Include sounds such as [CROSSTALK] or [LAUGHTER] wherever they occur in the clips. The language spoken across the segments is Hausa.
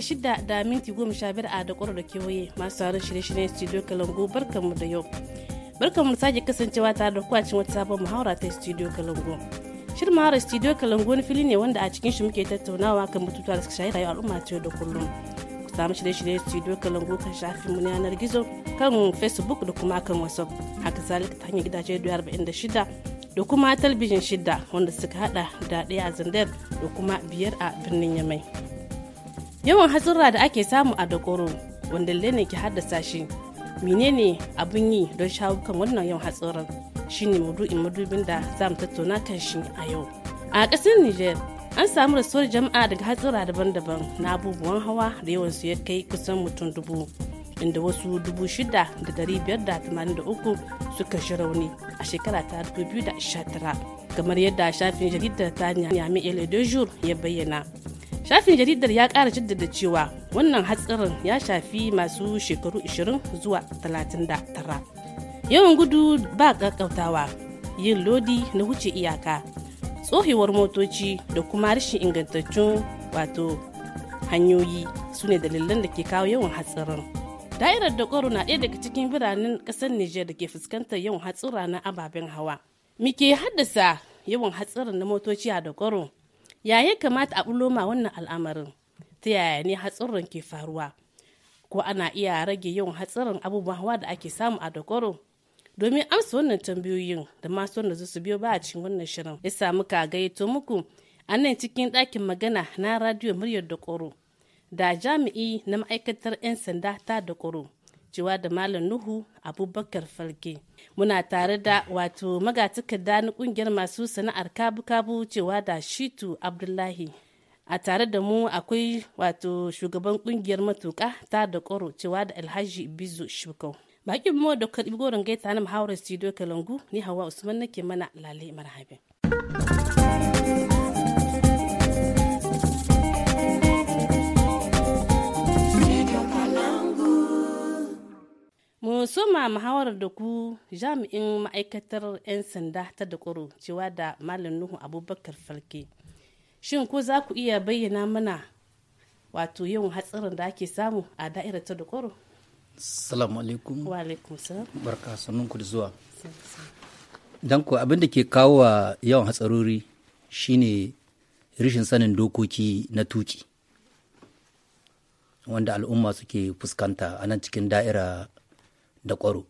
karfe 6 da minti 15 a dakwaro da kewaye masu sauran shirye-shiryen studio kalangu barkanmu da yau barkanmu sake kasancewa tare da kwacin wata sabon muhawara ta studio kalangu shirin muhawara studio kalangu wani fili ne wanda a cikin shi muke tattaunawa kan batutuwa da suka shahi rayuwar al'umma ta yau da kullum ku samu shirye-shiryen studio kalangu kan shafin mu na yanar gizo kan facebook da kuma kan whatsapp haka zalika ta hanyar gidaje 46 da kuma talbijin shida wanda suka hada da daya a zandar da kuma biyar a birnin yamai yawan hatsura da ake samu a dakoro wanda ne ke haddasa shi menene abin yi don shawukan wannan yawan hatsuran shine maudu'in madubin da za mu tattauna kan shi a yau a ƙasar niger an samu rasuwar jama'a daga hatsura daban-daban na abubuwan hawa da yawan su ya kai kusan mutum dubu inda wasu dubu shida da da da dari biyar tamanin uku suka shi rauni a shekara ta dubu biyu da tara kamar yadda shafin jaridar ta nyami el ya bayyana shafin jaridar ya kara jaddada cewa wannan hatsarin ya shafi masu shekaru 20 zuwa 39 yawan gudu ba kakkautawa yin lodi na wuce iyaka tsohewar motoci da kuma rashin ingantaccen wato hanyoyi su ne dalilan da ke kawo yawan hatsarin da'irar da kwaro na ɗaya daga cikin biranen ƙasar niger da ke fuskantar yawan hatsura na ababen hawa muke haddasa yawan hatsarin na motoci a da kwaro ya ya kamata a ma wannan al'amarin ta yaya ne hatsurin ke faruwa ko ana iya rage yawan hatsarin hawa da ake samu a dakoro domin amsa wannan tambayoyin da masu wanda su biyo ba a cikin wannan shirin ya samu ka gayyato muku a nan cikin ɗakin magana na radiyo muryar da da jami'i na ma'aikatar 'yan sanda ta da jiwa da malam nuhu abubakar falke muna tare da wato magatakarda na kungiyar masu sana'ar kabu-kabu cewa da shitu abdullahi a tare da mu akwai wato shugaban kungiyar matuka ta da koro cewa da alhaji bizu shukau bakin mu da karbi gorin gaita na muhawarar studio kalangu ni hawa usman nake mana lalai marhabin mu soma muhawarar da ku jami'in ma'aikatar 'yan sanda ta da cewa da malam nuhu abubakar falke shin ko za ku iya bayyana mana wato yin hatsarin da ake samu a da'irar ta da salamu alaikum wa alaikum salam barka ku da zuwa don ku abin da ke kawo wa yawan hatsarori shine rishin sanin dokoki na tuki wanda al'umma suke fuskanta a nan cikin da'ira da kwaro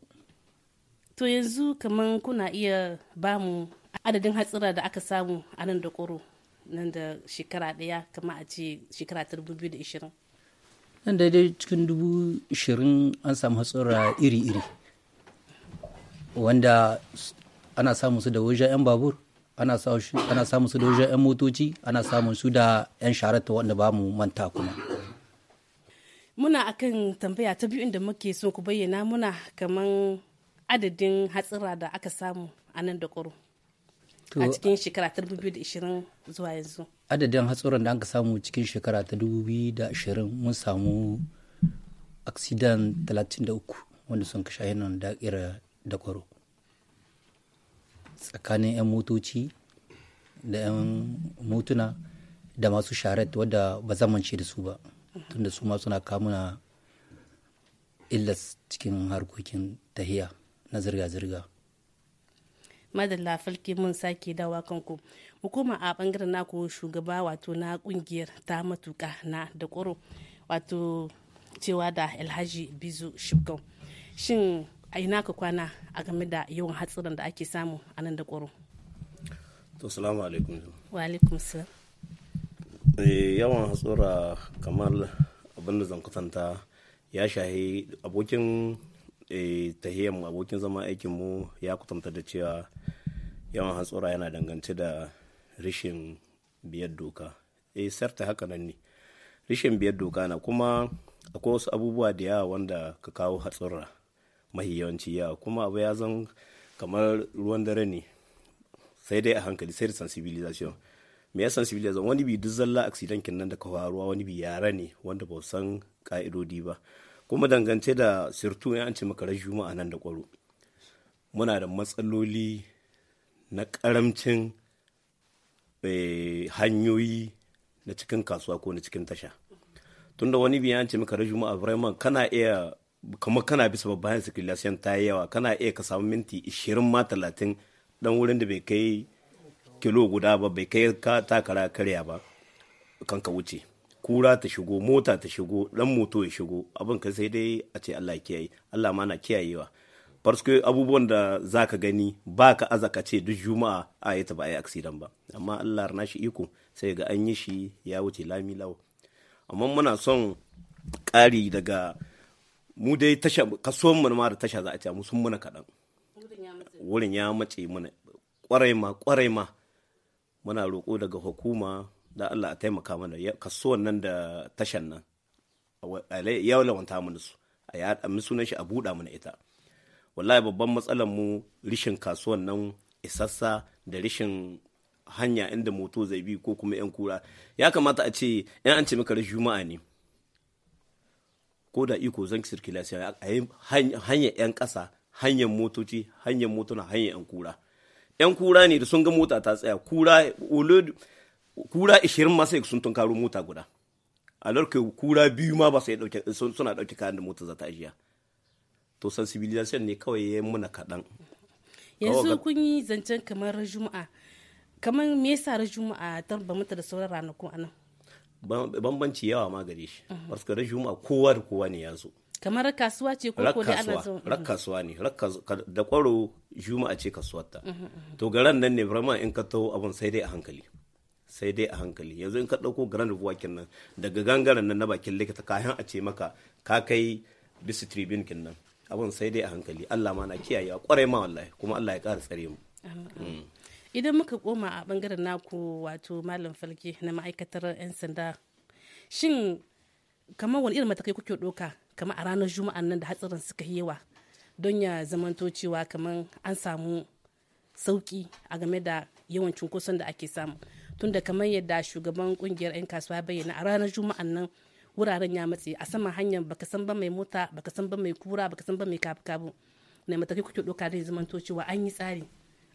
to yanzu kamar kuna iya bamu adadin hatsira da aka samu a nan da kwaro nan da shekara daya kama a ce shekara ta 2020 nan daidai cikin 2020 an samu hatsura iri-iri wanda ana samun su da wajen 'yan babur ana samun su da wajen 'yan motoci ana samun su da 'yan ta wanda ba mu manta kuma muna akan tambaya ta biyu inda muke so ku bayyana muna kaman adadin hatsira da aka samu a nan da kuro a cikin shekara ta 2020 zuwa yanzu adadin hatsuran da aka samu cikin shekara ta 2020 mun samu aksidan 33 wanda sun kashe hannun da'ira da kwaro tsakanin 'yan motoci da 'yan motuna da masu sharet wadda ba zamance da su ba tunda su ma suna kamuna illas cikin harkokin tahiya na zirga-zirga madalla falki mun sake dawa kanku hukuma a bangaren naku shugaba wato na kungiyar ta matuka na da koro wato cewa da alhaji bizu shibgau shin a ina ka kwana a game da yawan hatsarin da ake samu a nan da koro to salamu alaikum wa alaikum salam Eh, yawan hatsura kamar abin da zan kusanta ya shahi abokin eh, tahiyar mu abokin zama aikin mu ya kusanta da cewa yawan hatsura yana dangance da rishin biyar doka e sarta haka nan ne rishin biyar doka na kuma akwai wasu abubuwa da yawa wanda ka kawo hatsura mahi yawanci yawa kuma abu ya zan kamar ruwan dare ne sai dai a hankali sai da sensibilization me ya sensibilism wani bi duk zalla accident kin nan da ka faruwa wani bi yare ne wanda ba san ka'idodi ba kuma dangance da sirtu ya an ce maka juma'a nan da kwaro muna da matsaloli na karamcin eh, hanyoyi na cikin kasuwa ko na cikin tasha tunda wani bi ya an ce maka rajuma a vraiment kana iya kamar kana bisa babban circulation ta yi yawa kana iya ka samu minti 20 ma 30 dan wurin da bai kai kilo guda ba bai kai ka takara karya ba kan ka wuce kura ta shigo mota ta shigo dan moto ya shigo abin ka sai dai a ce Allah kiyaye Allah ma na kiyayewa farsko abubuwan da zaka gani ba ka azaka ce duk juma'a a yata ba a yi aksidan ba amma Allah na shi iko sai ga an yi shi ya wuce lami lawo amma muna son ƙari daga mu dai tasha kasuwan mu ma da tasha za a ce mu sun muna kaɗan wurin ya mace mana kwarai ma kwarai ma muna roƙo daga hukuma da Allah a taimaka mana kasuwan nan da tashan nan ya lawanta mana su a yaɗa mun sunan shi a buɗa mana ita wallahi babban matsalar mu rishin kasuwan nan isassa da rishin hanya inda moto zai bi ko kuma yan kura ya kamata a ce yan an ce maka juma'a ne ko da iko zan circulation a hanyar yan ƙasa hanyar motoci hanyar motuna hanyar yan kura 'yan kura ne da sun ga mota ta tsaya kura kura 20 ma sai sun tunkaro mota guda a larkai kura biyu ma ba su dauke suna dauke kayan da mota za ta ajiya to sensibilization ne kawai ya muna kaɗan yanzu kun yi zancen kamar juma'a kamar me yasa juma'a don ba mata da sauran ranaku anan bambanci yawa ma gare shi parce que juma'a kowa da kowa ne ya zo kamar kasuwa ce ko ko da ana zo mhm. kasuwa ne da kwaro juma'a ce kasuwar ta mhm, mhm. to garan nan ne ma in ka taho abun sai dai a hankali sai dai a hankali yanzu in ka dauko garan rubuwakin nan daga gangaren nan na bakin likita kayan a ce maka ka kai bis tribune kin nan abun sai dai a hankali Allah ma na kiyaye kwarai ma wallahi kuma Allah ya kara tsare mu mm. idan muka koma a bangaren naku wato malam falke na ma'aikatar 'yan sanda shin kamar wani irin matakai kuke doka kamar a ranar juma'an nan da hatsarin suka yi wa don ya zamanto cewa kamar an samu sauki a game da yawan cunkoson da ake samu tunda kamar yadda shugaban kungiyar 'yan kasuwa bayyana a ranar juma'an nan wuraren ya matse a saman hanyar baka san ba mai mota baka san ba mai kura baka san ba mai kabu kabu na matakai kuke doka da zamanto cewa an yi tsari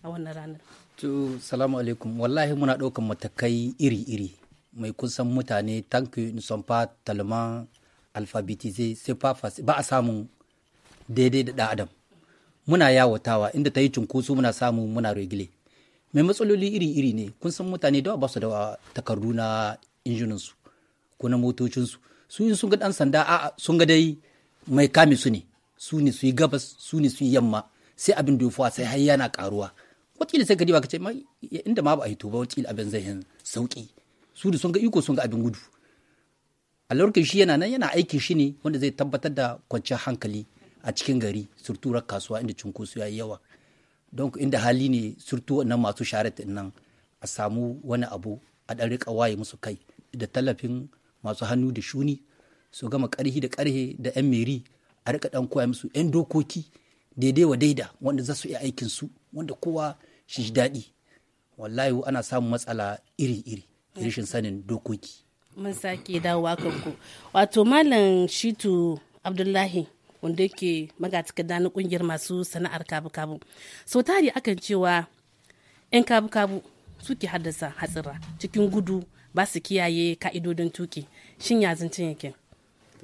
a wannan ranar to salamu alaikum wallahi muna daukan matakai iri iri mai kusan mutane tanki nusonfa talman alfabetize sai ba a samun daidai da adam muna yawatawa inda ta yi cunkoso muna samu muna regile mai matsaloli iri-iri ne kun san mutane dawa ba su da takardu na injinansu ko na motocinsu su yi sun ga ɗan sanda a sun ga dai mai kame su ne su ne su yi gabas su ne su yi yamma sai abin yufuwa sai har yana karuwa wakili sai ka ba ka ce inda ma ba a yi to ba wakili abin zai yin sauki su da sun ga iko sun ga abin gudu a lokacin shi yana nan yana aiki shi ne wanda zai tabbatar da kwanciyar hankali a cikin gari surturar kasuwa inda cunkoso ya yi yawa don inda hali ne surtu na masu sharet nan a samu wani abu a ɗan riƙa waye musu kai da tallafin masu hannu da shuni su gama ƙarhi da ƙarhe da 'yan meri a riƙa ɗan koya musu 'yan dokoki daidai wa daida wanda za su iya aikin su wanda kowa shi daɗi wallahi ana samun matsala iri-iri rashin sanin dokoki mun sake dawowa kanku wato malam shitu abdullahi wanda yake magatakarda na kungiyar masu sana'ar kabu-kabu sau tari akan cewa 'yan kabu-kabu suke haddasa hatsira cikin gudu ba su kiyaye ka'idodin tuki shin ya zancen yake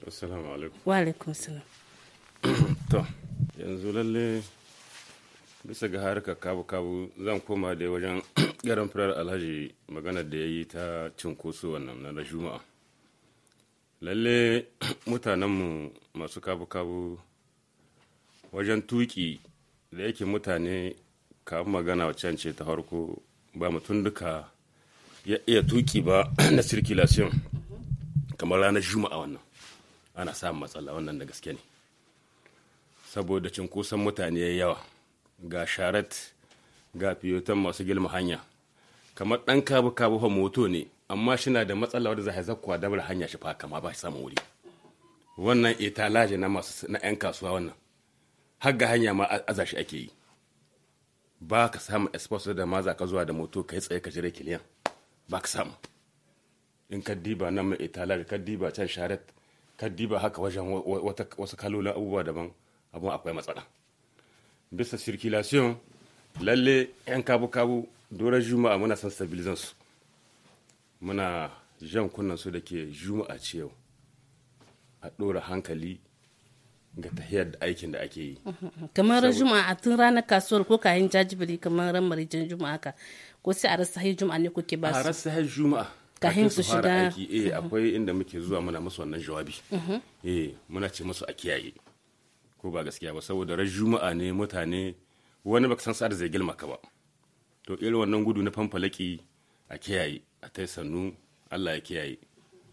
assalamu alaikum wa alaikum salam to yanzu lalle bisa ga harkar kabu-kabu zan koma da wajen garin [CLEARS THROAT] firar alhaji maganar da ya yi ta cinkoso wannan na juma'a lalle [CLEARS THROAT] mutanenmu masu kabu-kabu wajen tuki da yake mutane kamun magana wacan ce ta harko ba mutum duka ya iya tuki ba [CLEARS THROAT] na circulation kamar ranar juma'a wannan ana samun matsala wannan da gaske ne saboda cinkoson mutane yawa ga sharat ga fiyotan masu gilma hanya kamar ɗan kabu kabu fa moto ne amma shi na da matsala wadda za a zakkuwa dabar hanya shi fa kama ba shi samun wuri wannan etalaje na masu na yan kasuwa wannan har hanya ma aza shi ake yi ba ka samu espresso da ma za ka zuwa da moto ka yi tsaye ka jira kiliyan ba ka samu in ka diba nan mai etalaje ka diba can sharat ka diba haka wajen wasu kalolin abubuwa daban abun akwai matsala bisa circulation lalle 'yan kabu-kabu doron juma'a muna son stabilizansu muna jan kunnan su da ke juma'a ce yau a ɗora hankali ga tahiyar da aikin da ake yi [LAUGHS] kamar ran juma'a tun ranar kasuwar ko kayan jajibiri kamar ran marijin juma'a ka ko sai a rasa hayi juma'a ne kuke ba su a rasa hayi juma'a kahin su shiga aiki eh [LAUGHS] akwai inda muke zuwa muna musu wannan jawabi mhm. eh muna ce musu a kiyaye ko ba gaskiya ba saboda ran juma'a ne mutane wani baka san sa'ar zai gilma ka ba to irin wannan gudu na fanfalaki a kiyaye a tai sannu Allah ya kiyaye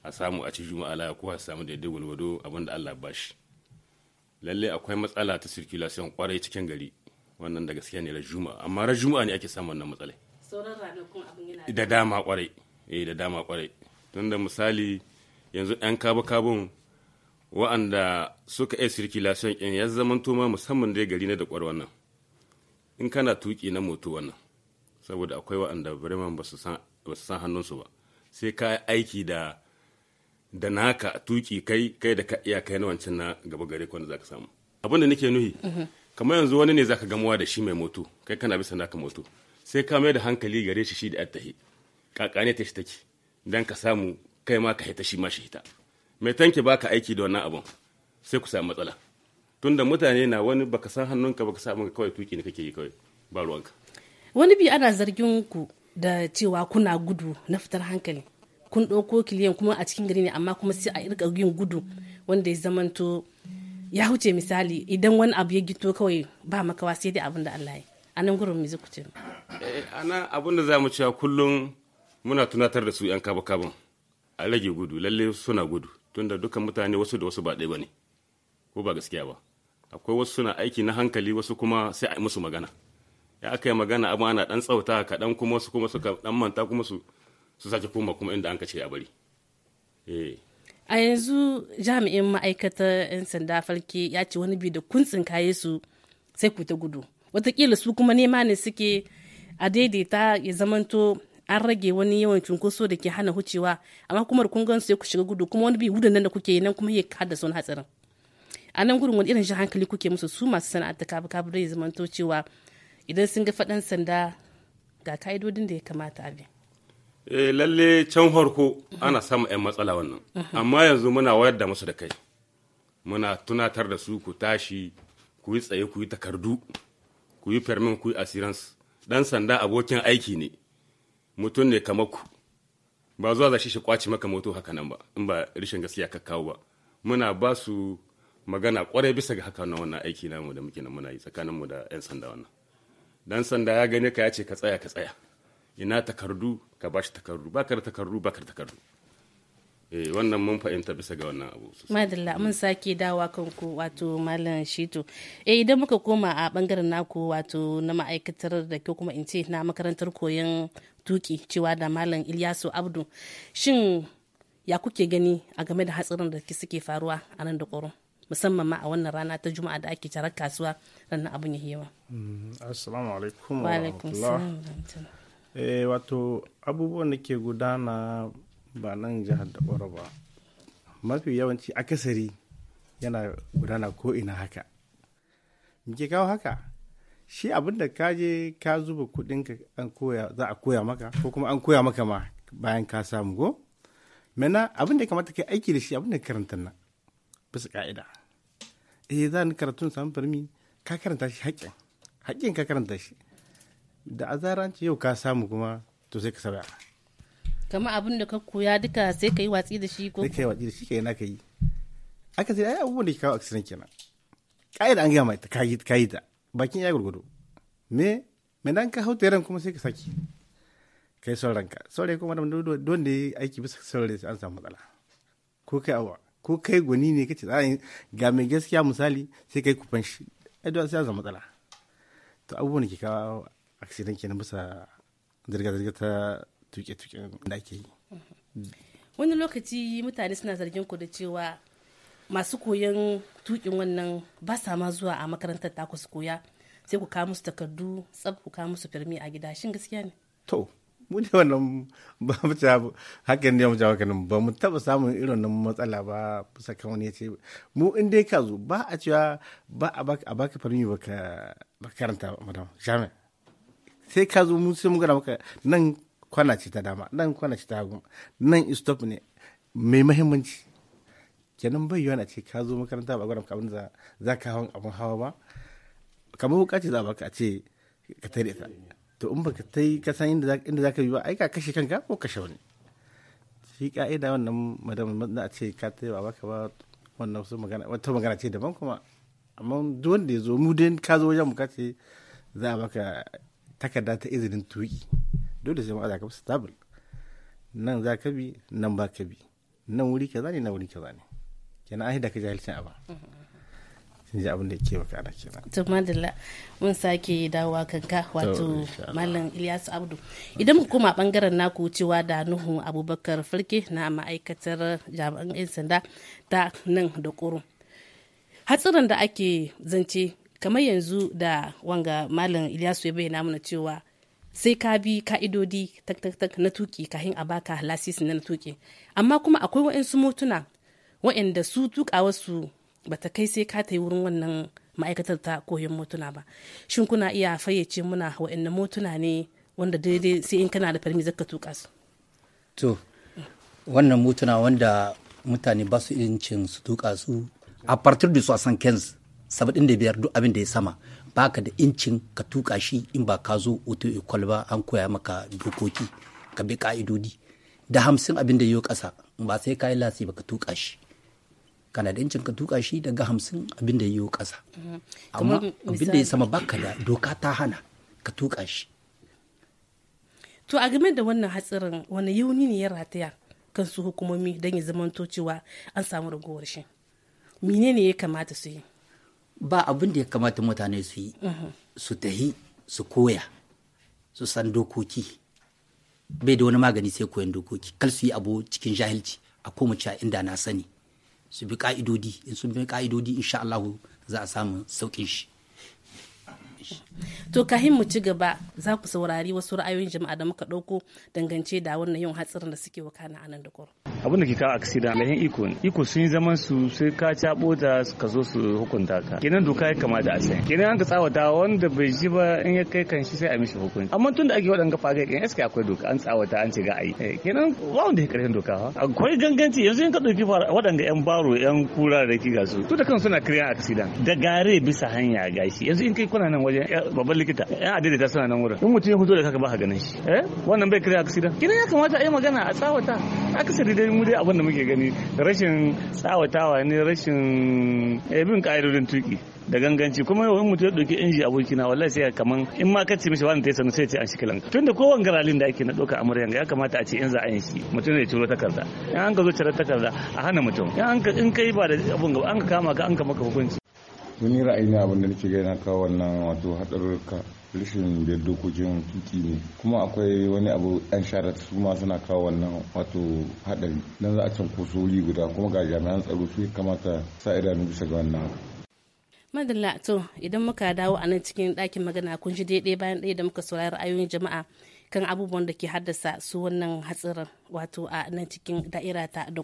a samu a ci juma'a la ko a samu daidai walwado abin da Allah ba shi lalle akwai matsala ta circulation kwarai cikin gari wannan da gaskiya ne ran juma'a amma ran juma'a ne ake samun wannan matsala da dama kwarai eh da dama kwarai tunda misali yanzu ɗan kabo kabon wa'anda suka sirki circulation in ya zama ma musamman dai gari na da kwar wannan in kana tuki na moto wannan saboda akwai waɗanda birman ba su san hannunsu ba sai ka aiki da da naka tuki kai kai da ka iya kai na wancan na gaba gare za zaka samu abin da nake nuhi kamar yanzu wani ne zaka gamuwa da shi mai moto kai kana bisa naka moto sai ka mai da hankali gare shi shi da attahi kakane ta shi take dan ka samu kai ma ka hita shi ma shi hita mai tanki ka aiki da wannan abun sai ku samu matsala tunda mutane na wani baka san hannunka baka samu kawai tuki ne kake yi kawai ba ruwanka wani bi ana zargin ku da cewa kuna gudu na fitar hankali kun ɗauko kiliyan kuma a cikin gari ne amma kuma sai a irka yin gudu wanda ya zamanto ya huce misali idan wani abu ya gito kawai ba makawa sai dai abin da Allah ya a nan gurin mu zuku eh, ana abin da za mu cewa kullum muna tunatar da su yan kaba kaban a rage gudu lalle suna gudu tunda dukan mutane wasu da wasu ba ɗaya ba ne ko ba gaskiya ba akwai wasu suna aiki na hankali wasu kuma sai a yi musu magana ya aka yi magana amma ana ɗan tsauta kaɗan kuma wasu kuma suka ɗan manta kuma su su sake koma kuma inda an kace a bari eh. a yanzu jami'in ma'aikatar 'yan sanda falke ya ce wani biyu da kuntsin kaye su sai ku ta gudu watakila su kuma nema ne suke a daidaita ya zamanto an rage wani yawan cunkoso da ke hana hucewa amma kuma kun gan sai ku shiga gudu kuma wani bi gudun nan da kuke yi nan kuma ya haddasa wani hatsarin a nan gudun wani irin shi hankali kuke musu su masu sana'ar da kabu kabu da to cewa idan sun ga faɗan sanda ga ka'idodin da ya kamata a bi. Eh, lalle can farko ana samun 'yan matsala wannan mhm. amma yanzu muna wayar da musu da kai muna tunatar da su ku tashi ku yi tsaye ku yi takardu ku yi fermin ku yi assurance dan sanda abokin aiki ne mutum ne kamar ku ba zuwa za shi shi kwaci maka moto haka nan ba in ba rishin gaskiya ka kawo ba muna ba su magana kwarai bisa ga haka na wannan aiki namu da muke nan muna yi tsakaninmu da 'yan sanda wannan dan sanda ya gane ka ya ce ka tsaya ka tsaya ina takardu ka bashi takardu ba ka da takardu ba ka da takardu eh wannan mun fahimta bisa ga wannan abu madalla mun sake dawa kan ku wato malam shito eh idan muka koma a bangaren naku wato na ma'aikatar da ke kuma in ce na makarantar koyon tuki cewa da malam ilyasu abdu shin ya kuke gani a game da hatsarin da suke faruwa a nan da koro musamman ma a wannan rana ta juma'a da ake tarar kasuwa ranar abin ya yawa mm, assalamu alaikum wa rahmatullah eh, wato abubuwan da ke gudana ba nan jihar da ba mafi yawanci akasari yana gudana ko ina haka muke kawo haka shi abin da ka je ka zuba kuɗinka an koya za a koya maka ko kuma an koya maka ma bayan ka samu go mena abin da kamata ka aiki da shi abin da karanta nan bisa ka'ida eh za ni karatun samu farmi ka karanta shi haƙƙin haƙƙin ka karanta shi da azaranci yau ka samu kuma to sai ka saba kamar abin da ka koya duka sai ka yi watsi da shi ko sai ka yi watsi da shi kai na ka yi aka sai ai abubuwan da ka kawo accident kenan ka'ida an gaya mai ta kayi ta bakin ya gurgudu me me dan ka hauta ran kuma sai ka saki kai son ranka sore kuma da don da aiki bisa sore sai an samu matsala ko kai awa ko kai gwani ne kace za ga mai gaskiya misali sai kai kufan shi ai don sai an samu matsala to abubuwan ke kawo accident kenan bisa zirga-zirga ta tuke-tuke da ake yi wani lokaci mutane suna zargin ku da cewa masu koyon tukin wannan ba sa ma zuwa a makarantar ta ku koya sai ku kawo musu takardu tsab ku kawo musu firmi a gida shin gaskiya ne to mu ne wannan ba mu ta hakan ne mu ta hakan ba mu taba samun irin nan matsala ba bisa kan wani ce mu in dai ka zo ba a cewa ba a baka a baka ba baka baka karanta madam jami sai ka zo mu sai mu gana maka nan kwana ce ta dama nan kwana ce ta hagu nan stop ne mai muhimmanci kenan bai yiwa a ce ka zo makaranta ba gwada abin da za ka hawan abin hawa ba kamar wuka ce za baka a ce ka tare ta to in ka tai ka san inda za ka yi ba ai ka kashe kanka ko kashe wani shi ka'ida wannan madam na a ce ka tare ba ka ba wannan su magana wata magana ce daban kuma amma duk wanda ya zo mu dai ka zo wajen mu ka ce za a baka takarda ta izinin tuki dole sai ma'a za ka fi nan za ka bi nan ba ka bi nan wuri kaza ne nan wuri kaza ne kenan ai da ka jahilcin abin sun ji abin da ke bukata kenan to madalla mun sake dawowa kanka wato malam Ilyasu Abdu idan mu koma bangaren naku cewa da Nuhu Abubakar Farke na ma'aikatar jami'an 'yan sanda ta nan da kurun hatsarin da ake zance kamar yanzu da wanga malam Ilyasu ya bayyana mana cewa sai ka bi ka'idodi tak tak tak na tuki kahin a baka lasisi na tuki amma kuma akwai wa'insu motuna waɗanda su tuka wasu bata kai sai ka yi wurin wannan ma'aikatar ta koyon motuna ba shin kuna iya fayyace muna waɗannan motuna ne wanda daidai sai in kana da farmi zaka tuka su to wannan motuna wanda mutane ba su incin su tuka su a partir da su a san da biyar duk abin da ya sama baka da incin ka tuka shi in ba ka zo auto equal ba an koya maka dokoki ka bi ka'idodi da hamsin abin da yau kasa ba sai ka yi lasi ba ka tuka shi kana ka tuka shi daga hamsin abin da ya yiwu ƙasa mhm. amma abin da ya sama baka da doka ta hana ka tuka shi to a game da wannan hatsarin wani yauni ne ya rataya kan su hukumomi don ya zamanto cewa an samu ragowar shi menene ya kamata su yi ba abin da ya kamata mutane su yi mhm. su tahi su koya su san dokoki bai da wani magani sai koyan dokoki kal su yi abu cikin jahilci a komace inda na sani su bi ka'idodi in sun bi ka'idodi insha Allah za a samu sauƙin shi to kahin mu ci gaba za ku saurari wasu ra'ayoyin jama'a da muka ɗauko dangance da wannan yin hatsarin da suke wakana a nan da kwaro abin da ke kawo aksida lahin iko ne iko sun yi zaman su sai ka cabo da ka zo su hukunta ka kenan doka ya kamata a sai kenan an ka tsawata wanda bai ji ba in ya kai kan shi sai a mishi hukunci amma tun da ake waɗanda fage kan iska akwai doka an tsawata an ce ga ayi eh, kenan ba wanda ya karfin doka ha akwai ganganci yanzu in ka ɗauki waɗanda yan baro yan kura da ki gasu su da kan suna kiran aksida da gare bisa hanya gashi yanzu in kai kuna nan waje wajen babban likita yan adaidaita suna nan wurin in mutum ya fito da kaka ba ka ganin shi eh wannan bai kira aksida kidan ya kamata a yi magana a tsawata akasari dai mu dai abin da muke gani rashin tsawatawa ne rashin eh, bin ka'idodin tuki da ganganci kuma yau in mutum ya ɗauki inji abokina wallahi sai kaman in ma kace mishi wani ta sanu sai ce an shi kilanka tunda kowan garalin da ake na ɗauka amuryan ya kamata a ce in za a yi shi mutum ne ciro takarda in an ka zo cire takarda a hana mutum in an ka in kai ba da abun gaba an ka kama ka an ka maka hukunci wani ra'ayi ne abin da nake gaina kawo wannan wato ka rashin da dokokin tuki ne kuma akwai wani abu yan shara su ma suna kawo wannan wato haɗari dan za a can wuri guda kuma ga jami'an tsaro su kamata sa idanu bisa ga wannan madalla to idan muka dawo a nan cikin ɗakin magana kun shi daidai bayan ɗaya da muka saurari ra'ayoyin jama'a kan abubuwan da ke haddasa su wannan hatsarin wato a nan cikin da'ira ta da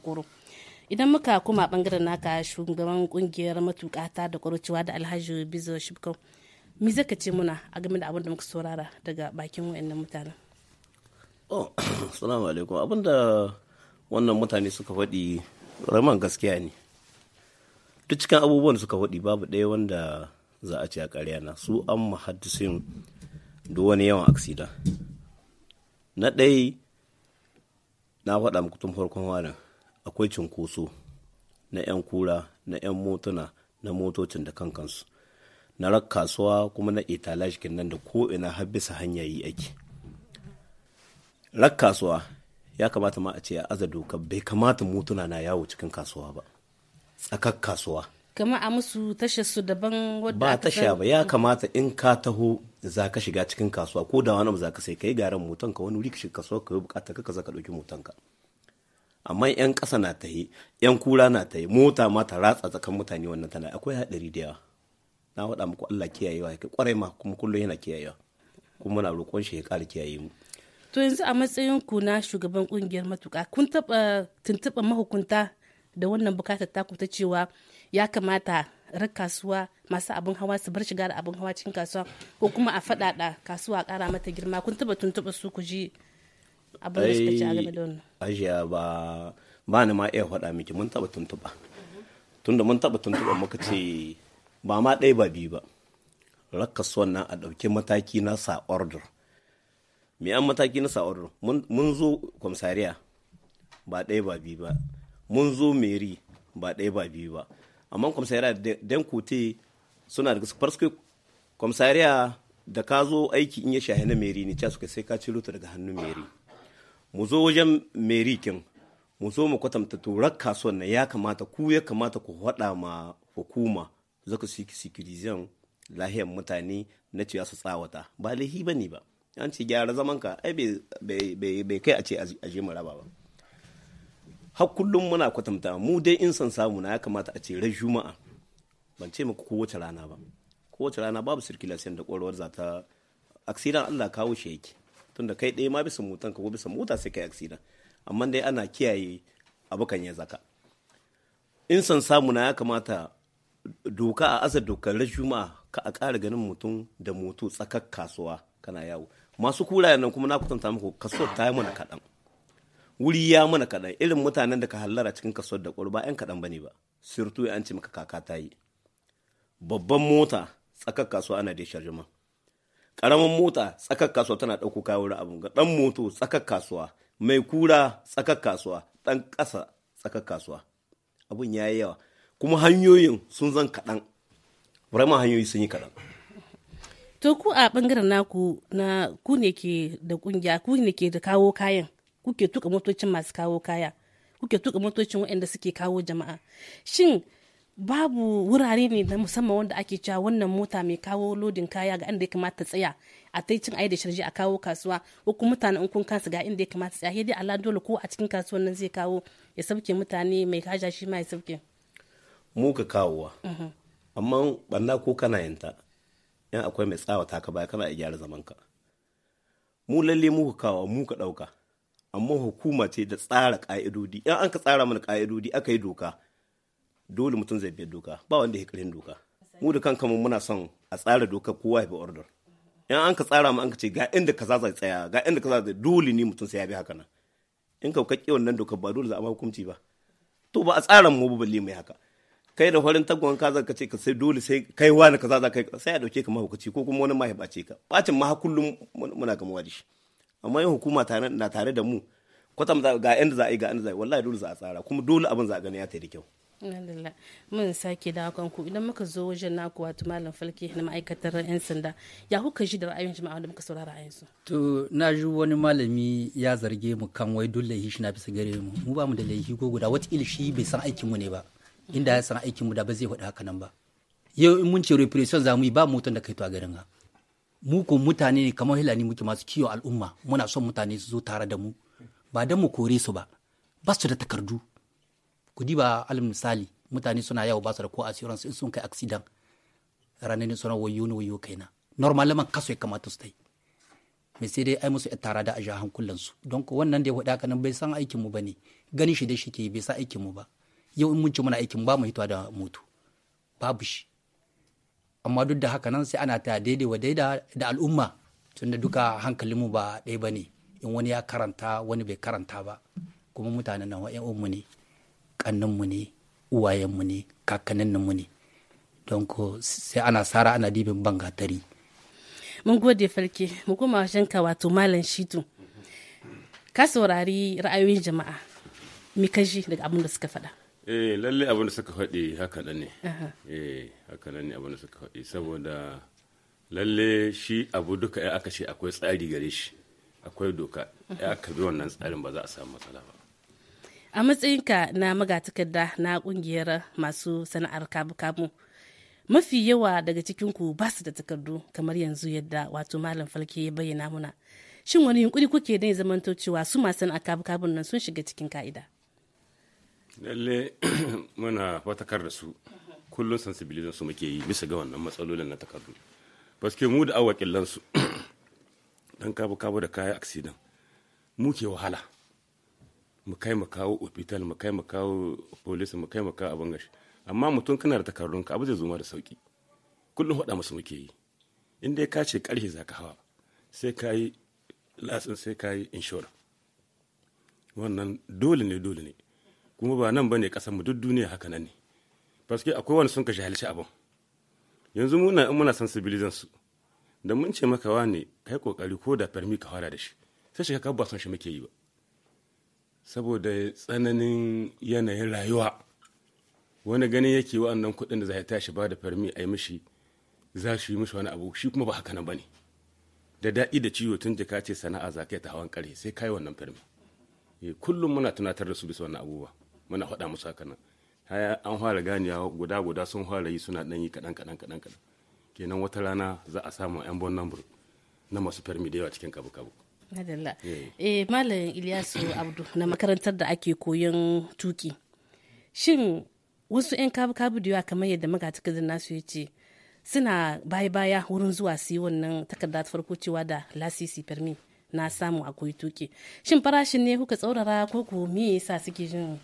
idan muka koma bangaren naka shugaban kungiyar matukata da kwarocewa da alhaji bizo shibkau me zaka ce muna a game da abin da muka saurara daga bakin wayannan mutanen oh [COUGHS] alaikum abin da wannan mutane suka faɗi raman gaskiya ne duk cikin abubuwan suka faɗi babu ɗaya wanda za a ce a ƙarya na su an muhaddisin duk wani yawan aksida na ɗaya na faɗa muku tun farkon wannan akwai cunkoso na 'yan kura na 'yan motuna na motocin da kankansu na rak kasuwa kuma na etalaj nan da ko'ina har bisa hanya yi ake rak kasuwa ya kamata ma a ce a aza doka bai kamata motuna na yawo cikin kasuwa ba tsakar kasuwa kama a musu tashar su daban wadda ba tasha ba ya kamata in ka taho za ka shiga cikin kasuwa ko da wani za ka sai kai garan motanka wani wuri ka shiga kasuwa ka yi bukatar ka za ka ɗauki motanka amma yan ƙasa na ta yi yan kura na ta yi mota ma ta ratsa tsakan mutane wannan tana akwai haɗari da yawa na faɗa muku Allah kiyayewa yake kwarai ma kuma kullum yana kiyayewa kuma muna roƙon shi ya ƙara kiyaye mu to yanzu a matsayin ku na shugaban kungiyar matuƙa kun taɓa tuntuɓa mahukunta da wannan bukatar taku ta cewa ya kamata rar kasuwa masu abin hawa su bar shiga da abin hawa cikin kasuwa ko kuma a faɗaɗa kasuwa a ƙara mata girma kun taba tuntuɓa su ku ji abin da suka ci a game da ba ni ma iya faɗa miki mun taɓa tuntuɓa tunda mun taɓa tuntuɓa muka ce ba ma ɗaya ba biyu ba rakka wannan a ɗauki mataki na sa order me an mataki na sa order mun zo kwamsariya ba ɗaya ba biyu ba mun zo meri ba ɗaya ba biyu ba amma kwamsariya dan kote suna da farske kwamsariya da ka zo aiki in ya shahi na meri ne ce suka sai ka ci ta daga hannun meri mu zo wajen merikin mu zo mu kwatanta turar kasuwan nan ya kamata ku ya kamata ku haɗa ma hukuma zaka sikirizan lahiyar mutane na cewa su tsawata ba lahi ba ne ba an ce gyara zamanka ai bai kai a ce a je maraba ba har kullum muna kwatanta mu dai in san samu na ya kamata a ce ran juma'a ban ce muku kowace rana ba kowace rana babu circulation da kwarwar za ta aksiran Allah kawo shi yake tunda kai ɗaya ma bisa motan ka ko bisa mota sai kai aksida amma dai ana kiyaye kan ya zaka in san samu na ya kamata doka a asa dokar juma'a ka a ƙara ganin mutum da moto tsakar kasuwa kana yawo masu kura nan kuma na kutanta muku kasuwar ta yi mana kaɗan wuri ya mana kaɗan irin mutanen da ka hallara cikin kasuwar da ƙwarba 'yan kaɗan bane ba surtu an ce maka kaka ta yi babban mota tsakar kasuwa ana da sharjuma karamin mota tsakar kasuwa tana ɗauko kawo da abun ga ɗan moto tsakar kasuwa mai kura tsakar kasuwa ɗan ƙasa tsakar kasuwa abun ya yi yawa kuma hanyoyin sun zan kaɗan rama hanyoyi sun yi kaɗan to ku a ɓangaren naku na ku ne ke da ƙungiya ku ne ke da kawo kayan kuke tuka motocin masu kawo kaya kuke tuka motocin waɗanda suke kawo jama'a shin babu wurare ne na musamman wanda ake cewa wannan mota mai kawo lodin kaya ga inda ya kamata tsaya a ta cin ayi da shirje a kawo kasuwa ko kuma mutane in kun kansu ga inda ya kamata tsaya dai Allah dole ko a cikin kasuwar nan zai kawo ya sauke mutane mai kaja shi ma ya sauke mu ka kawowa mhm. amma banna ko kana yanta yan akwai mai ta ka baya kana gyara zaman ka mu lalle mu ka kawo mu ka dauka amma hukuma ce da tsara ka'idodi yan an ka tsara mana ka'idodi aka yi doka dole mutum zai biya doka ba wanda ya ƙarin doka mu da kanka mu muna son a tsara doka kowa ya bi order in an ka tsara mu an ka ce ga inda kaza zai tsaya ga inda kaza zai dole ni mutum sai ya bi haka nan in ka kake wannan doka ba dole za a ba hukunci ba to ba a tsara mu ba balle mai haka kai da farin tagwon ka zaka ce ka sai dole sai kai wani kaza za kai sai a dauke ka mahukaci ko kuma wani mahi bace ka bacin ma kullum muna gamawa da shi amma yin hukuma tare na tare da mu kwatam ga yanda za a yi ga yanda za a yi wallahi dole za a tsara kuma dole abin za a gani ya yi da kyau mun sake da kan ku idan muka zo wajen naku wato malam falki na ma'aikatar yan sanda ya kuka ji da ra'ayin jama'a da muka saurara ra'ayin su to na ji wani malami ya zarge mu kan wai dole shi na bisa gare mu mu ba mu da laifi ko guda wata shi bai san aikin mu ne ba inda ya san aikin mu da ba zai faɗi haka nan ba yau in mun ce repression za mu yi ba motan da kai to a garin ga mu ko mutane ne kamar hilani muke masu kiyo al'umma muna son mutane su zo tare da mu ba dan mu kore su ba ba su da takardu ku diba alal misali mutane suna yawo ba da ko assurance in sun kai accident ranar ne suna wayo ne wayo kaina normal man kaso ya kamata su tai me sai dai ai musu ya tara da aja hankulan su don ko wannan da ya wada kanan bai san aikin mu bane Gani shi da shi ke bai san aikin mu ba yau in mun ci muna aikin ba mu hitowa da mutu. babu shi amma duk da haka nan sai ana ta daidai wa daida da al'umma Tun tunda duka mu ba ɗaya ba ne in wani ya karanta wani bai karanta ba kuma mutanen nan wa'yan ne kanninmu ne uwayenmu ne kakanninmu ne don ko sai ana sara ana dibin bangatari mun gode falke mu kuma ka wato malam shitu ka saurari ra'ayoyin jama'a mi kashi daga abin da suka faɗa eh lalle abin da suka faɗi haka nan ne eh haka nan ne abin da suka faɗi saboda lalle shi abu duka ya aka ce akwai tsari gare shi akwai doka ya aka bi wannan tsarin ba za a samu matsala ba a matsayinka na magatakarda na kungiyar masu sana'ar kabu-kabu mafi yawa daga cikinku ba su da takardu kamar yanzu yadda wato malam falke ya bayyana muna shin wani yunkuri kuke dai to cewa su masu sana'ar kabu-kabun nan sun shiga cikin ka'ida lalle [CLEARS THROAT] muna fatakar da su kullum sensibilizan su muke yi bisa ga wannan matsalolin na takardu baske mu da awakin su dan kabu-kabu da kaya aksidan mu ke wahala mu kai mu kawo hospital mu kai mu kawo police mu kai mu kawo abin gashi amma mutum kana da takardun ka abu zai zo ma da sauki kullum faɗa musu muke yi in dai ka ce ƙarfe za ka hawa sai ka yi lasin sai ka yi inshora wannan dole ne dole ne kuma ba nan ba ne ƙasar mu duk duniya haka nan ne paske akwai wani sun ka jahilci abin yanzu muna in muna sensibilizan su da mun ce maka wa ne kai kokari ko da farmi ka fara da shi sai shi ka ba son shi muke yi ba saboda tsananin yanayin rayuwa wani ganin yake wa'annan kuɗin da za ya tashi ba da farmi a yi mishi za su yi mishi wani abu shi kuma ba haka nan ba ne da daɗi da ciwo tun jika ce sana'a za ka yi ta hawan ƙarhe sai ka yi wannan farmi eh, kullum muna tunatar da su bisa wannan abubuwa muna faɗa musu haka nan an fara ganiya guda guda sun fara yi suna ɗan yi kaɗan kaɗan kaɗan kaɗan kenan wata rana za a samu yan bon number na masu farmi da yawa cikin kabu kabu Eh Malam Ilyasu Abdu na makarantar da ake koyon tuki. Shin wasu 'yan kabu-kabu da yawa kamar yadda magatakardar nasu ya ce suna baya-baya wurin zuwa su yi wannan takarda ta farko cewa da lasisi permi na samu akwai tuki. Shin farashin ne kuka tsaurara ko ku me yasa suke jin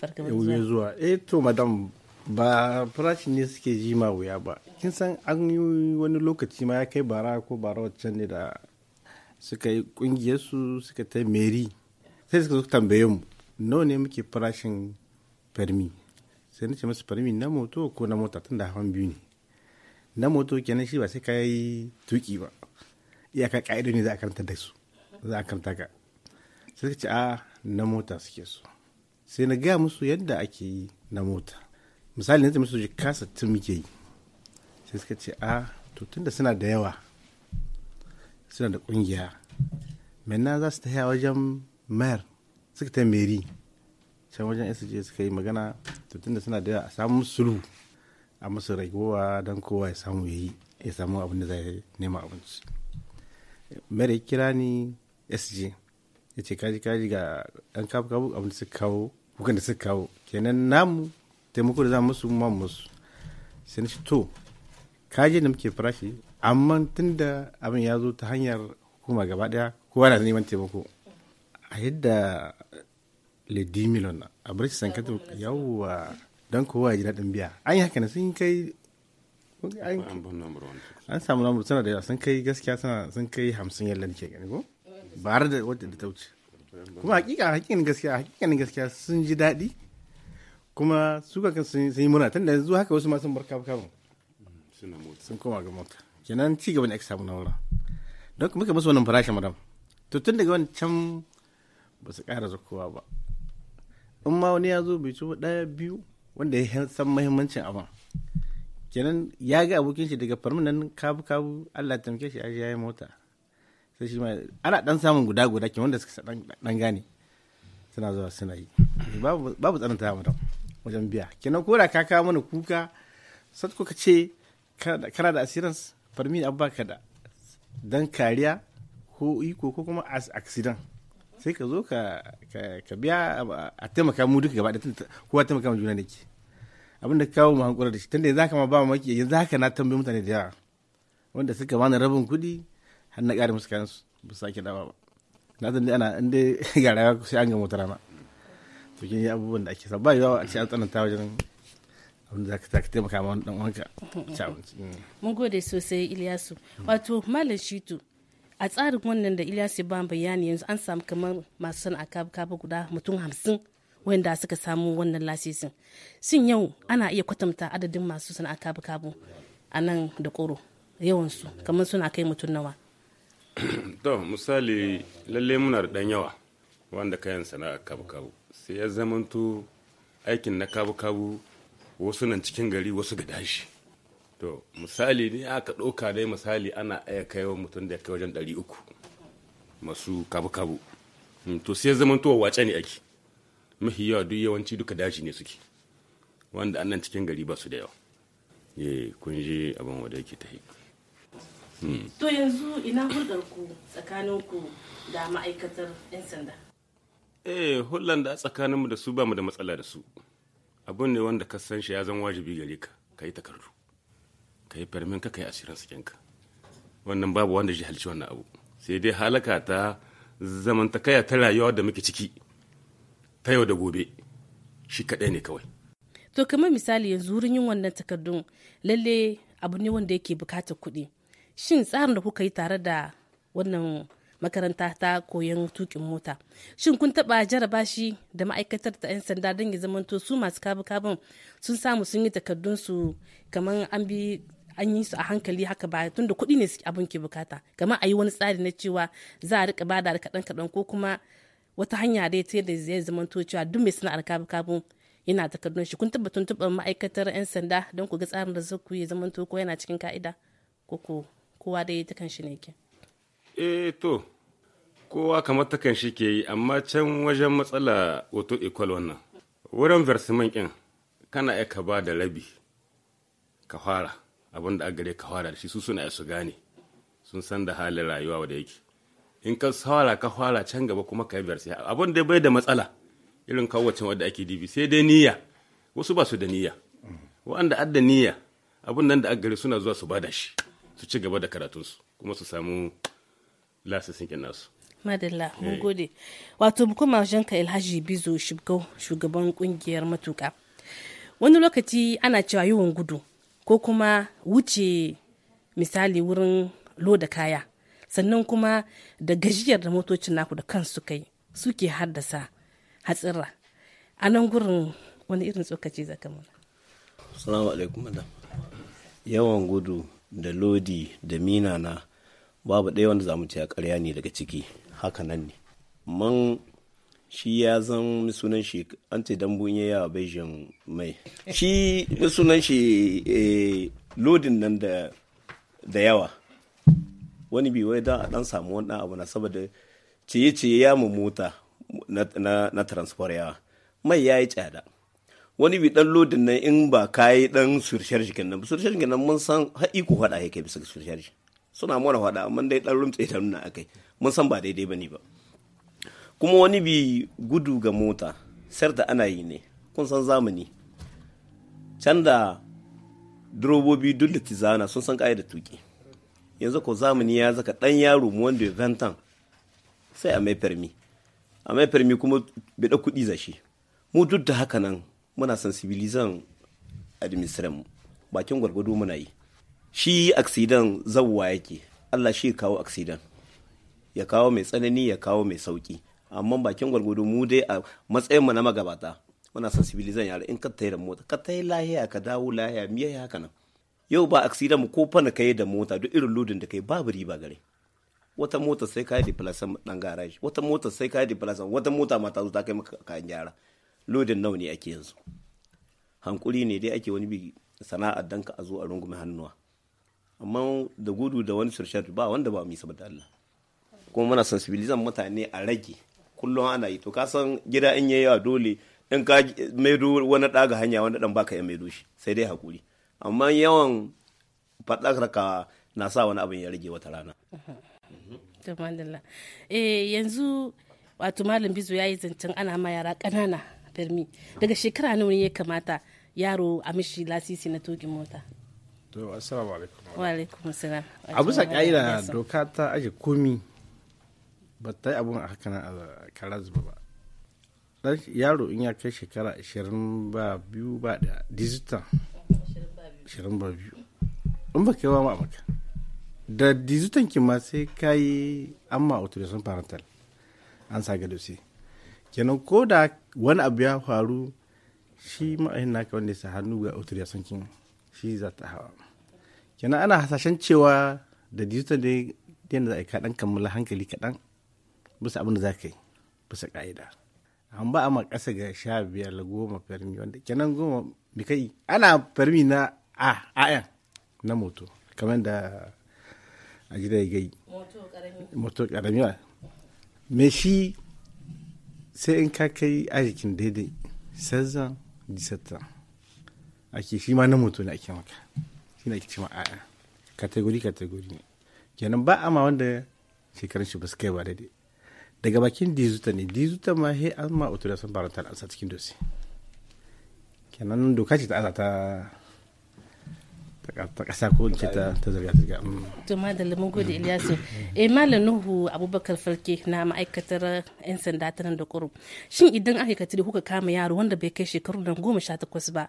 fargabar zuwa? Eh to madam ba farashin ne suke ji ma wuya ba kin san an yi wani lokaci ma ya kai bara ko bara waccan ne da suka yi kungiyarsu suka ta meri sai suka zo tambaye mu nawa ne muke farashin farmi sai na ce masu farmi na moto ko na mota tun da hawan biyu ne na moto kenan shi ba sai ka yi tuki ba iyaka ka'ido ne za a karanta da su za a karanta ka sai suka ce a na mota suke so sai na gaya musu yadda ake yi na mota misali na masu musu kasa tun muke yi sai suka ce a to tunda suna da yawa suna da kungiya menna za su tafiya wajen mayar suka ta meri can wajen sj suka yi magana to da suna da a samu sulhu a musu ragowa don kowa ya samu ya yi ya samu abin da ya nema abinci mere kira ni sj ya ce kaji kaji ga ɗan kabu kabu abin da suka kawo bukan da suka kawo kenan namu taimako da za musu ma musu sai na to kaji da muke farashi amma da abin ya zo ta hanyar hukuma gaba daya kowa na neman taimako a yadda lady milon a birki sankatu yawwa don kowa ya ji daɗin biya an yi haka na sun kai an samu namuru suna da yawa sun kai gaskiya sun kai hamsin yalla ke gani ko ba har da wadda da ta wuce kuma hakika hakikin gaskiya hakikin gaskiya sun ji daɗi kuma su kan sun yi murna tun da yanzu haka wasu ma sun bar sun koma ga mota kenan ci gaba ne aka samu na wurin don muka musu wannan farashin madam to tun daga can ba su ƙara zakowa ba in ma wani ya zo bai ci ɗaya biyu wanda ya san mahimmancin abin kenan ya ga abokin shi daga farmin nan kabu kabu Allah tamke shi ya yi mota sai shi ma ana dan samun guda guda ke wanda suka dan gane suna zuwa suna yi babu tsananta tsananta madam wajen biya kenan ko da ka kawo mana kuka sai kuka ce kana da assurance farmi abu ka da don kariya ko iko ko kuma as accident sai ka zo ka biya a taimaka mu duka gaba da kowa taimaka mu juna nake abin da kawo mu hankura da shi tunda yanzu haka ma ba maki yanzu haka na tambayi mutane da yawa wanda suka bani rabin kuɗi har na ƙara musu kayan su ba sake dawa ba na san ana in dai [LAUGHS] ga rayuwa sai an ga motar rana to kin yi abubuwan da ake sa ba yawa a ce an tsananta wajen ka taimaka ma wanka [LAUGHS] mm. mun gode sosai iliyasu wato malam shitu a tsarin wannan da iliyasu ba bayani yanzu an samu kamar masu son a kafa guda mutum hamsin wanda suka samu wannan lasisin sin yau ana iya kwatanta adadin masu sana'a kafa kabu a nan da koro yawansu kamar suna kai mutum nawa [COUGHS] to misali lalle muna da dan yawa wanda kayan sana'a kabu-kabu sai ya zamanto aikin na kabu-kabu wasu nan cikin gari wasu ga dashi to misali ne aka ɗauka dai misali ana aya kai wa mutum da kai wajen ɗari uku masu kabu-kabu hmm, to sai zaman towa wace ne ake mafi yawa duk yawanci duka daji ne suke wanda annan cikin gari ba su da yawa ye eh, kun je abin wanda yake ta hmm. to yanzu ina hulɗar ku tsakanin ku da ma'aikatar 'yan sanda eh hulɗar da tsakaninmu da su ba mu da matsala da su abin ne wanda ka san shi ya zan wajibi gare ka ka yi takardu ka yi farmin ka yi asirin sakenka wannan babu wanda shi halci wannan abu sai dai halaka ta zamantakaya ta rayuwa da muke ciki ta yau da gobe shi kaɗai ne kawai to kamar misali yanzu wurin yin wannan takardun lalle abu ne wanda yake bukatar kuɗi shin tsarin da kuka yi tare da wannan makaranta ta koyon tukin mota shin kun taba jaraba shi da ma'aikatar ta 'yan sanda don ya zamanto su masu kabu kabun sun samu sun yi takardun su kamar an bi an yi su a hankali haka ba tun da kuɗi ne su abin ke bukata kamar a yi wani tsari na cewa za a rika bada kaɗan kaɗan ko kuma wata hanya dai ta yadda zai zamanto cewa duk mai sana'ar kabu kabun yana takardun shi kun taba tuntuɓar ma'aikatar 'yan sanda don ku ga tsarin da za ku yi zaman ko yana cikin ka'ida ko kowa da ya kan shi ne ke. eh to kowa kamar takan shi ke yi amma can wajen matsala wato equal wannan wurin versimen kin kana ya ka ba da rabi ka fara abin da agare ka fara da shi su suna su gane sun san da halin rayuwa wadda yake in ka fara ka fara can gaba kuma ka yi versi abin da bai da matsala irin kawacin wadda ake dibi sai dai niyya wasu ba su da niyya wa'anda adda niyya abin nan da agare suna zuwa su ba da shi su ci gaba da karatunsu kuma su samu lasisin nasu madalla mun eh. gode wato kuma ka ilhaji bizo shibgau shugaban kungiyar matuka wani lokaci ana cewa yawan gudu ko kuma wuce misali wurin loda kaya sannan kuma da gajiyar da motocin naku da kansu kai suke haddasa hatsira a nan gurin wani irin tsokaci zaka mana salamu alaikum madam yawan gudu da lodi da minana babu ɗaya wanda za mu ci a ne daga ciki haka nan ne man shi ya zan sunan shi an ce dan bunye ya bejin mai shi sunan shi eh, lodin nan da yawa wani bi wai da a dan samu wani abu na saboda ciye-ciye ya mu mota na transfer yawa mai ya yi tsada wani bi dan lodin nan in ba ka yi dan surshar shi kenan surshar shi nan mun san haiku ku faɗa yake bisa surshar suna mana hada amma dai dan rumtse ta nuna akai mun san ba daidai ba ne ba kuma wani bi gudu ga mota sayar da ana yi ne kun san zamani can da durobobi duk tizana sun san da tuki yanzu ko zamani ya zaka ɗan yaro mu wanda ya ventan sai a mai fermi a mai fermi kuma bai da kuɗi zashi mu duk da haka nan muna sensibilizan administran bakin gwargwado muna yi shi aksidan zawwa yake allah shi kawo aksidan ya kawo mai tsanani ya kawo mai sauki amma bakin gwargwado mu dai a matsayin mu na magabata muna sensibilizan yara in ka tayi da mota ka tayi lahiya ka dawo lahiya miya ya haka nan yau ba aksida mu ko fana kai da mota duk irin ludin da kai babu riba gare wata mota sai ka yi deplasan dan garaji wata mota sai ka yi deplasan wata mota ma ta zo ta kai maka kayan gyara ludin nawa ne ake yanzu hankuri ne dai ake wani bi sana'ar danka a zo a rungume hannuwa amma da gudu da wani surshar ba wanda ba mu yi saboda Allah kuma muna sensibilizan mutane a rage kullum ana yi to ka san gida in yayi yawa dole in ka maido wani ɗaga hanya wani ɗan baka ya maido shi sai dai hakuri amma yawan faɗakarka na sa wani abin ya rage wata rana. Eh, yanzu wato malam bizo ya yi zancen ana ma yara ƙanana firmi daga shekara nawa ne ya kamata yaro a mishi lasisi na tokin mota. To, assalamu alaikum. Wa alaikum assalam. A bisa ƙa'ida doka ta aje komi ba ta yi abun a haka a karaz ba dan yaro in ya kai shekara 20 ba biyu ba da digital 20 ba biyu in ba kaiwa ma maka da digital ki ma sai ka yi amma autorization parental an sa gado sai kenan ko da wani abu ya faru shi ma'ayin naka wanda ya hannu ga autorization kin shi za ta hawa kenan ana hasashen cewa da digital da yadda za a yi kaɗan kammala hankali kaɗan bisa abin da za ka yi bisa ka'ida an ba a ma ƙasa ga sha biyar da goma farmi wanda kenan goma bi kai ana farmi na a ayan na moto kamar da a gida ya gai moto karami wa me shi sai in ka kai ajikin daidai sazan disata ake shi ma na moto ne ake maka shi ne ake cima a'a kategori kategori ne kenan ba a ma wanda shekarun shi ba su kai ba daidai daga bakin dizuta ne dizuta ma he an ma autorisation baranta a cikin dosi kenan doka ce ta aza ta ta kasa ko ce ta ta zarga ta mm. ga to da mun gode Ilyasu eh malam Nuhu Abubakar Falke na ma'aikatar yan sanda ta nan da kuro shin idan aka da kuka kama yaro wanda bai kai shekaru nan goma sha takwas ba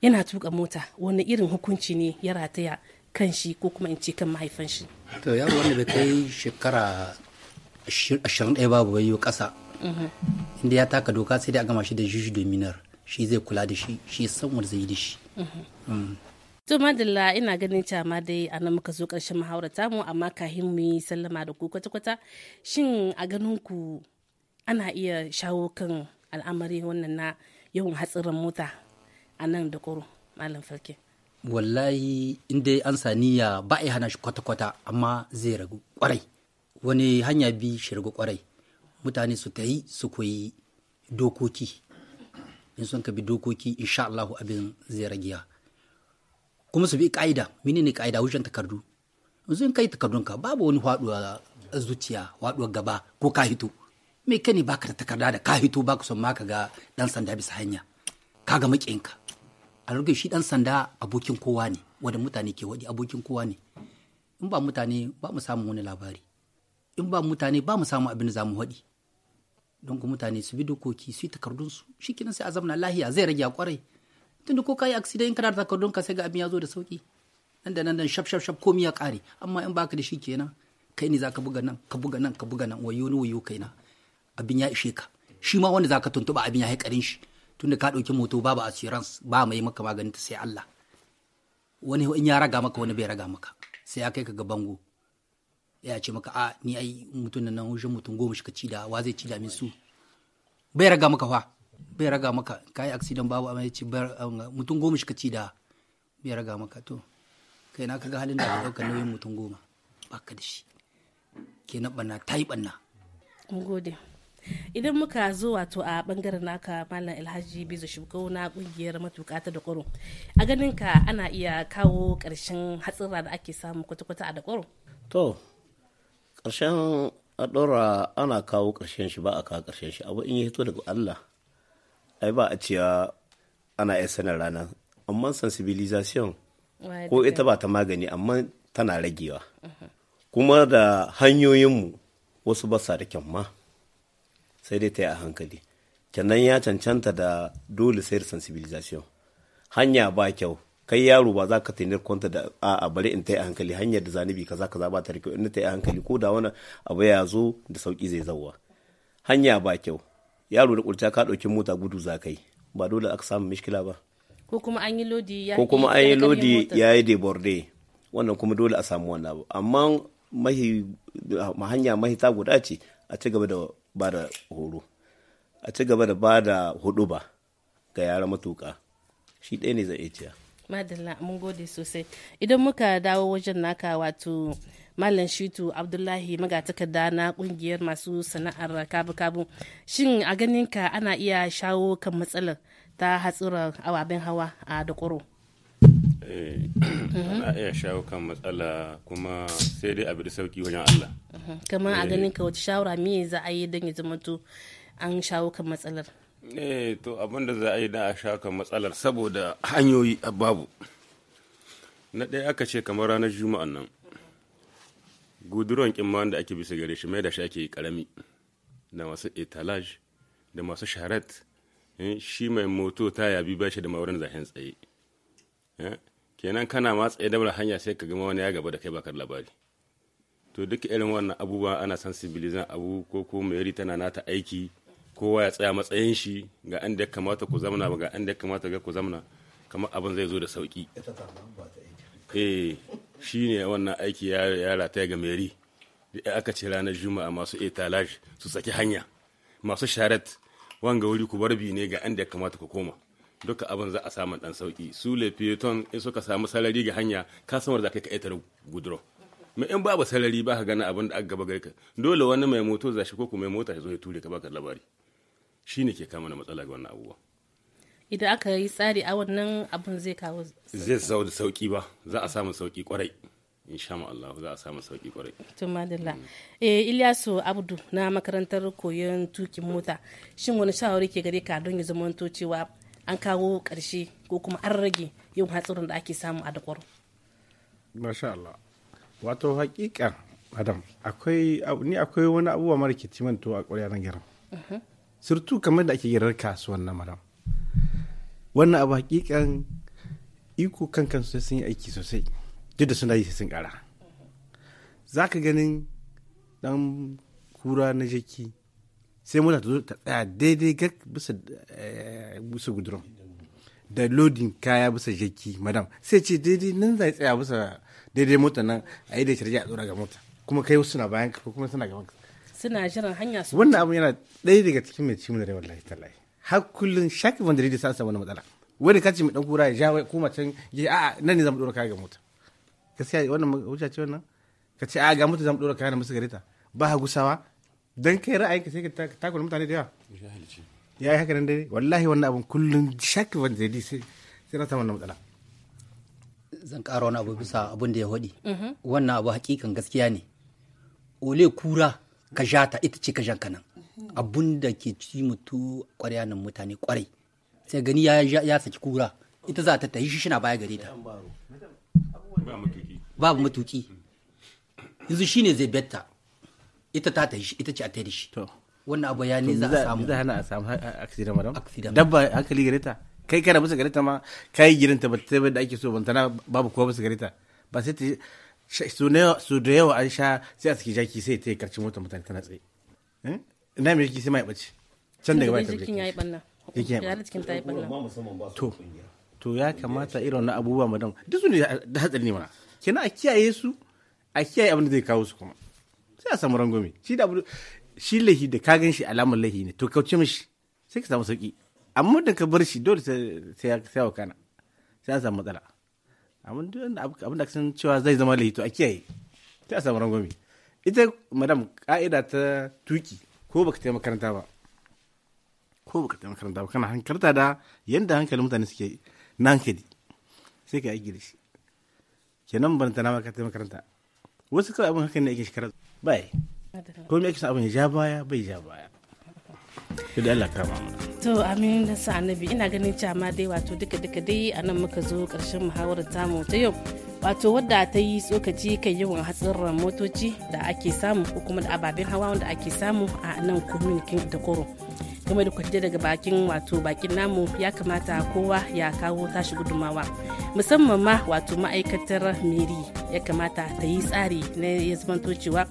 yana tuka mota wani irin hukunci ne ya rataya kan shi ko kuma in ce kan mahaifan shi to yaro wanda bai kai shekara ashirin ɗaya babu wayo kasa inda ya taka doka sai dai a gama shi da juju dominar shi zai kula da shi shi san wanda zai yi da shi mm. to madalla ina ganin cama dai a nan muka zo karshen muhawarta mu amma kahin mu yi sallama da ku kwata-kwata shin a ganin ku ana iya shawo kan al'amari wannan na yawan hatsarin mota a nan da koro malam farke wallahi inda an saniya ba a hana shi kwata-kwata amma zai ragu kwarai wani hanya bi shirgu kwarai mutane su ta yi su koyi dokoki in sun ka bi dokoki insha Allahu abin zai ragiya kuma su bi ka'ida mini ne ka'ida wajen takardu yanzu in kai ka babu wani haɗuwa zuciya haɗuwa gaba ko ka hito me ka ne baka da takarda da ka hito baka son maka ga dan sanda bisa hanya ka ga ka a lokacin shi dan sanda abokin kowa ne wanda mutane ke waɗi abokin kowa ne in ba mutane ba mu samu wani labari in ba mutane ba mu samu abin da za mu haɗi don ku mutane su bi dokoki su yi takardunsu shi kenan sai a zamana lahiya zai rage a kwarai tunda ko ka yi aksida in kana da takardun ka sai ga abin ya zo da sauki nan da nan dan shaf shaf shaf komi ya kare amma in baka da shi kenan kai ne zaka buga nan ka buga nan ka buga nan wayo ni wayo kaina abin ya ishe ka shi ma wanda zaka tuntuba abin ya ƙarin shi tunda ka ɗauki moto babu assurance ba mai maka maganin ta sai Allah wani in ya raga maka wani bai raga maka sai ya kai ka ga bango ya ce maka a ni ai mutum nan wajen mutum goma shi ka ci da wa zai ci da min su bai raga maka fa bai raga maka kai accident babu amma ya ce um, mutum goma shi ka ci da bai raga maka to kai na kaga halin da ka dauka nauyin mutum goma baka da shi kenan banna ta yi banna gode idan muka zo wato a bangaren naka malam alhaji bizu shugau na kungiyar matuka ta da kwaro a ganin ka ana iya kawo ƙarshen hatsira da ake samu kwata-kwata a da kwaro to ƙarshen a ɗora ana kawo ƙarshen shi ba a kawo ƙarshen shi abu in ya hito daga Allah ai ba a cewa ana iya sanin ranar amma sensibilization ko ita ba ta magani amma tana ragewa kuma da hanyoyinmu wasu ba sa da kyan sai dai ta yi a hankali kyanan ya cancanta da dole sai da sensibilization hanya ba kyau kai yaro ba za ka tainar kwanta da a bari in ta yi hankali hanyar da zanibi kaza kaza ba ta rikiyo in ta yi hankali ko da wani abu ya zo da sauki zai zauwa hanya ba kyau yaro da kurta ka ɗauki mota gudu za kai ba dole aka samu mishkila ba ko kuma an yi lodi ya yi lodi ya wannan kuma dole a samu wannan abu amma mahi hanya ta guda ce a ci gaba da ba da horo a ci gaba da ba da hudu ba ga yara matuka shi ɗaya ne zai iya madalla mun gode sosai idan muka dawo wajen naka wato malam shitu abdullahi magatakarda na kungiyar masu sana'ar kabu-kabu shin a ganin ka ana iya shawo kan matsalar ta hatsuran ababen hawa a da ƙoro eh, ana iya shawo kan matsala kuma sai dai abu da sauki wajen allah kamar a eh. ganin ka wata shawara me za a yi don ya zamanto an shawo kan matsalar eh to abin da za a yi da a shaka matsalar saboda hanyoyi a babu na ɗaya aka ce kamar ranar juma'an nan guduron kimman da ake bisa gare shi mai da shi ake karami da masu etalage da masu sharat eh, shi mai moto ta yabi ba shi da maurin zahen tsaye eh, kenan kana ma tsaye dabar hanya sai ka gama wani ya gaba da kai bakar labari to duk irin wannan abubuwa ana sensibilizan abu ko ko mai tana nata aiki kowa ya tsaya matsayin shi ga an da kamata ku zamana ba ga an da kamata ga ku zamana kamar abin zai zo da sauki eh ne wannan aiki ya yara ta ga meri da aka ce ranar juma'a masu etalage su saki hanya masu sharet wanga wuri ku barbi ne ga an da kamata ku koma duka abin za a samu dan sauki su le in suka samu salari ga hanya ka san wanda kai ka etar gudro mai in babu salari ba ka gana abin da aka gaba gari ka dole wani mai moto za shi ko mai mota ya zo ya ture ka baka labari Shi ne ke kama na matsala ga wannan abubuwa idan aka yi tsari a wannan abun zai kawo zai sau da sauki ba za a samu sauki kwarai insha Allah za a samu sauki kwarai to madalla mm. eh Ilyasu Abdu na makarantar koyon tukin mota shin wani shawari ke gare ka don ya zamanto cewa an kawo karshe ko kuma an rage yin hatsarin da ake samu a dakwaro masha Allah wato hakika madam, akwai ni akwai wani abubuwa mara kitimanto a ƙwarya nan gara mhm. surtu kamar da ake girar kasuwan na maram wannan abu hakikan iko kan sosai sun yi aiki sosai duk da suna yi sun kara za ka ganin dan kura na jaki sai mota ta tsaya daidai ga bisa eh, gudurum da lodin kaya bisa jaki madam sai ce daidai nan zai tsaya bisa daidai mota nan a yi da shirya a tsora ga mota kuma kai wasu na bayan kuma suna gaban ka suna jiran hanya su wannan abu yana ɗaya daga cikin mai cimu da rai wallahi tallahi har kullum shaki ban da rai sa wani matsala wani kacin mai dan kura ya ja ko macen ya a'a nan ne zamu ɗora kaya ga mota gaskiya wannan wuce ce wannan ce a ga mota zamu ɗora kaya na musu gareta ba ha gusawa dan kai ra'ayi ka sai ka takura mutane da yawa ya yi haka nan dai wallahi wannan abun kullum shaki wanda da rai sai sai na samu wannan matsala zan ƙara wani abu bisa abin da ya haɗi mhm. wannan abu hakikan gaskiya ne ole kura ka jata ita ce ka janka nan abun da ke ci mutu kwarya nan mutane kwarai sai gani ya saki kura ita za ta tahi shi shina baya gare ta babu matuki yanzu shine zai betta ita ta shi ita ce a tahi shi wannan abu ya ne za a samu za hana a samu accident madam dabba hankali gare ta kai kana musu gare ta ma kai gidan ta ba ta da ake so ban tana babu kowa musu gare ta ba sai ta su da yawa an sha sai a saki jaki sai ta yi karcin motar mutane tana tsaye eh? ina mai jiki sai mai ɓace can daga bai tabbata jikin ya yi ɓanna jikin ya yi ɓanna to to ya kamata irin na abubuwa madam duk su ne da hatsari ne mana Kina a kiyaye su a kiyaye abin da zai kawo su kuma sai a samu rangwame shi da shi lahi da ka gan shi alamar lahi ne to kauce mishi sai ka samu sauki amma da ka bar shi dole sai ya sai kana sai a samu matsala abin da san cewa zai zama laifi a kiyaye ta a samu rangwame ita madam ka'ida ta tuki ko baka taimaka makaranta ba ko baka taimaka makaranta ba kana hankalta da yadda hankalin mutane suke na hankali sai ka aiki da shi kenan ban ta nama ka taimaka makaranta wasu kawai abin hakan ne ake shekara bai ko mai ake abin ya ja baya bai ja baya da Allah to amin da sa annabi ina ganin cewa dai wato duka duka dai anan muka zo karshen muhawarar tamu ta yau wato wadda ta yi tsokaci kan yawan hatsarin motoci da ake samu ko kuma da ababen hawa wanda ake samu a nan da koro game da kwaje daga bakin wato bakin namu ya kamata kowa ya kawo tashi gudumawa musamman ma wato ma'aikatar meri ya kamata ta yi tsari na ya zamanto cewa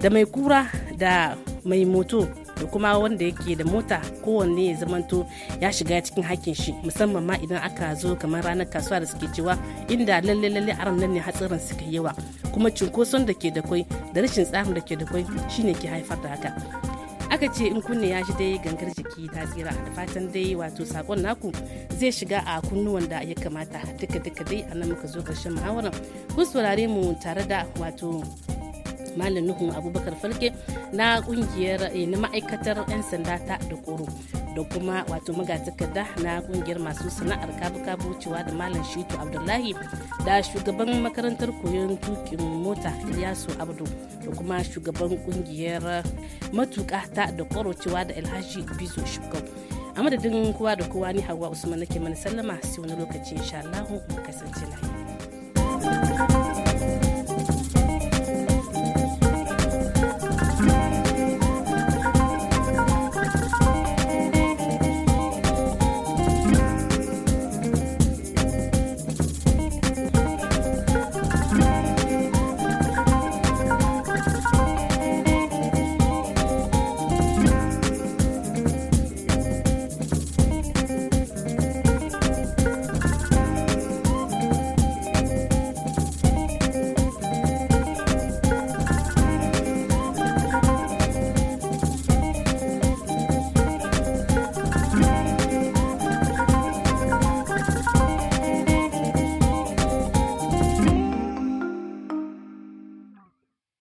da mai kura da mai moto da kuma wanda yake da mota kowanne ya zamanto ya shiga cikin hakkin shi musamman ma idan aka zo kamar ranar kasuwa da suke cewa inda lalle lalle aran nan ne hatsarin suka yawa kuma cunkoson da ke da kwai da rashin tsarin da ke da kwai shine ke haifar da haka aka ce in kunne ya shi dai gangar jiki ta tsira da fatan dai wato sakon naku zai shiga a kunnuwan da ya kamata duka duka dai a nan muka zo karshen muhawaran kun saurare mu tare da wato malam nuhu abubakar falke na kungiyar eh, na ma'aikatar 'yan sanda ta da koro da kuma wato magatakarda na kungiyar masu sana'ar kabu-kabu cewa da malam shitu abdullahi da shugaban makarantar koyon tukin mota ilyasu abdu da kuma shugaban kungiyar matuka ta da koro cewa da alhaji bizo shukau a madadin kowa da kowa ni hawa usman nake mana sallama sai wani lokaci insha Allah mu kasance lafiya